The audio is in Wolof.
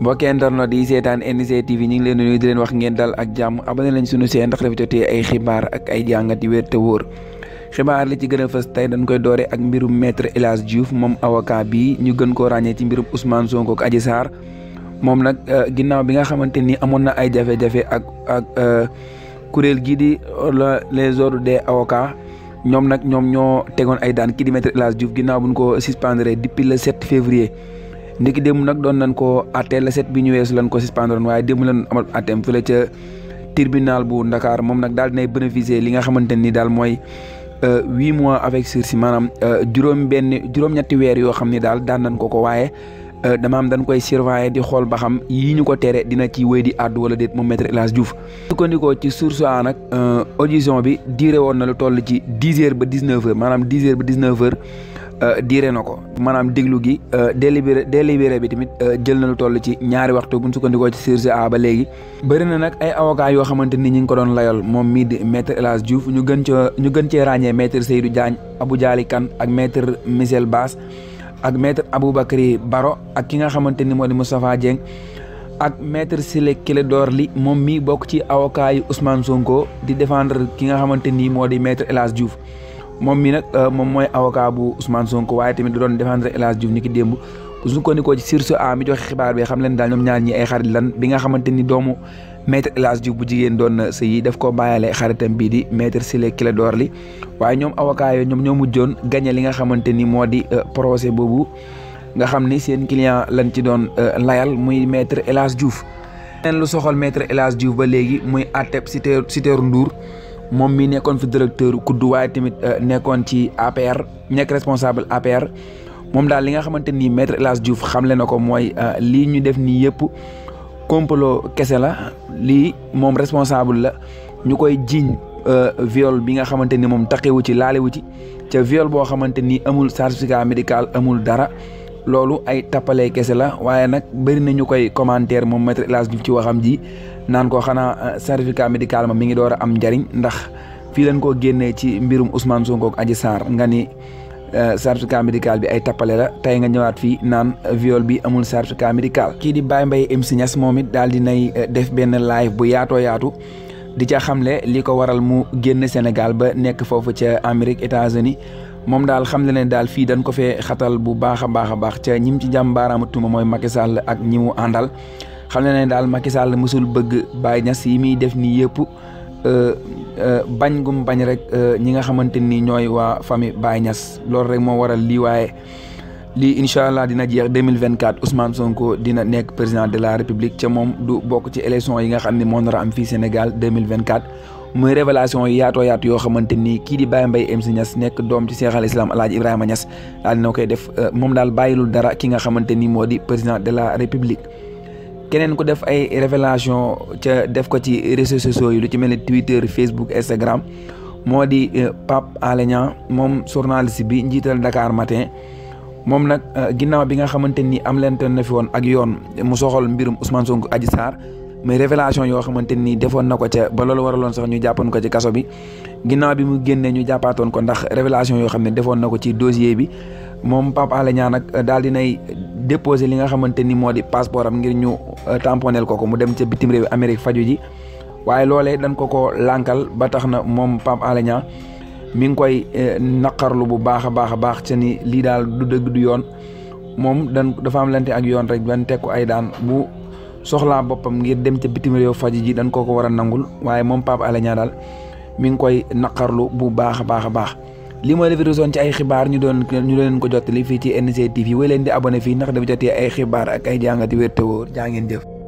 mbokki internet yi seetaan NGTV ñu ngi leen di nuyu di leen wax ngeen dal ak jàmm abonné lañ sunu seen ndax dafa jotee ay xibaar ak ay jàngat yu wér te wóor xibaar li ci gën a fës tey dañ koy doore ak mbirum maître El Hadji Diouf moom avocat bi ñu gën koo ràññee ci mbirum Ousmane Sonko ak saar moom nag euh, ginnaaw bi nga xamante ni amoon na ay jafe-jafe ak ak euh, kuréel gii di les ordres des avocats ñoom nag ñoom ñoo tegoon ay daan kii di maître El buñ ko suspendre depuis le 7 février ndiki démb nag doon nañ ko àttee la set bi ñu weesu lañ ko suspendron waaye démb lañ amal àtteem fële ca tribunal bu Ndakaar moom nag daal dinay bénéficier li nga xamante ni daal mooy euh, huit mois avec sursis maanaam euh, juróom benn juróom-ñetti weer yoo xam ni daal daan nañ ko ko waaye euh, dama am dañ koy surveiller di xool ba xam yii ñu ko tere dina ci wéy di àddu wala déet moom maître El Hadji Diouf sukkandikoo ci source a nag audition bi diire woon na lu toll ci dix heures ba dix ba dix neuf heures Euh, diire na ko maanaam déglu gi euh, délibéré délibéré bi tamit euh, jël na lu toll ci ñaari waxtu bu ñu sukkandikoo ci surge a ba léegi bëri na nag ay avocat yoo xamante ni ñi ngi ko doon layol moom mii di maître El Hadj ñu gën ñu gën cee ràññee maître Seydou Diagne Abou Diali ak maître Michel Bass ak maître Aboubacry Baro ak ki nga xamante ni moo di Moustapha Dieng ak maître Ciré Clédor Ly moom mii bokk ci avocat yi Ousmane di défendre ki nga xamante ni moo di maître El Hadj moom mii nag euh, moom mooy avocat bu Ousmane Sonko waaye tamit doon défendre El Hadj ñu ki démb bu sukkandikoo ci Source A mi joxe xibaar bi xam leen daal ñoom ñaar ñi ay xarit lan bi nga xamante ni doomu maître El Hadj bu jigéen doon sa yi daf koo bàyyale xaritam bii di maître Ciré Clédor li waaye ñoom avocat yooyu ñoom ñoo mujjoon gagné li nga xamante ni moo di euh, procès boobu nga xam ni seen client lan ci doon euh, layal muy maître El Hadj Diouf. leneen lu soxal maître El Hadj Diouf ba léegi muy àtteb Sitor Ndour moom mi nekkoon fi directeur kudd waaye tamit euh, nekkoon ci APR nekk responsable APR moom daal li nga xamante ni maître El Hadj xamle na ko mooy euh, lii ñu def nii yëpp complot kese la lii moom responsable la ñu koy jiiñ euh, viol bi nga xamante ni moom taqewu ci laalewu ci ca viol boo xamante ni amul certificat médical amul dara loolu ay tappale kese la waaye nag bëri na ñu koy commentaire moom maître El Hadji ci waxam ji naan ko xanaa euh, certificat médical ma mi ngi door a am njariñ ndax fii leen ko génnee ci mbirum Ousmane Sonko aji Adji Sarr nga ni euh, certificat médical bi ay tappale la tey nga ñëwaat fii naan euh, viole bi amul certificat médical. kii di Baye Mbaye MC Niass moom it daal di nay def benn live bu yaatoo yaatu di ca xamle lii ko waral mu génn Sénégal ba nekk foofu ca Amérique États-Unis moom daal xam le ne daal fii dañ ko fee xatal bu baax a baax a baax ca ñim ci jàmm baaraama tuuma mooy Macky Sall ak ñi mu àndal xam le ne daal Macky Sall mësul bëgg baay ñas yi muy def nii yëpp euh, euh, bañ gum bañ rek euh, ñi nga xamante ni ñooy waa famille baay Niass loolu rek moo waral lii waaye lii incha allah dina jeex 2024 Ousmane Sonko dina nekk président de la République ca moom du bokk ci élection yi nga xam ne moo nar am fii Sénégal 2024 muy révélation yu yaatoo yaatu yoo xamante ni kii di Baye Mbaye MC nekk doom ci Cheikh al Islam El Hadj Ibrahima Niass daal koy def euh, moom daal bàyyilul dara ki nga xamante ni moo di président de la république. keneen ku def ay révélation ca def ko ci réseaux sociaux yi lu ci mel ni Twitter Facebook Instagram moo di euh, Pape Alé Niang moom journaliste bi njiital Dakar Matin. moom nag euh, ginnaaw bi nga xamante ni am lente na fi woon ak yoon mu soxal mbirum Ousmane Sonko Adji Sarr mais révélation yoo xamante nii defoon na ko ca ba loolu waraloon sax ñu jàppoon ko ci kaso bi ginnaaw bi mu génnee ñu jàppaatoon ko ndax révélation yoo xam ne defoon na ko ci dossier bi moom Pape Alé Niang nag daal di nay déposé li nga xamante ni moo di passeport am ngir ñu euh, tamponel ko ko mu dem ca bitim réew Amérique faju ji waaye loolee dañ ko ko lànkal ba tax na moom Pape Alé Niang mi ngi koy euh, naqarlu bu baax a baax a baax ca ni lii daal du dëgg du yoon moom dañ dafa am lante ak yoon rek ban teg ko ay daan bu soxlaa boppam ngir dem ca bitim réew faji ji dañ koo ko war a nangul waaye moom Pape Alé Niang daal mi ngi koy naqarlu bu baax a baax a baax li mooy defi doon ci ay xibaar ñu doon ñu doon leen ko jottali fii ci NGTV wéy leen di abonné fii ndax dafa jotee ay xibaar ak ay jàngati wér te wóor jëf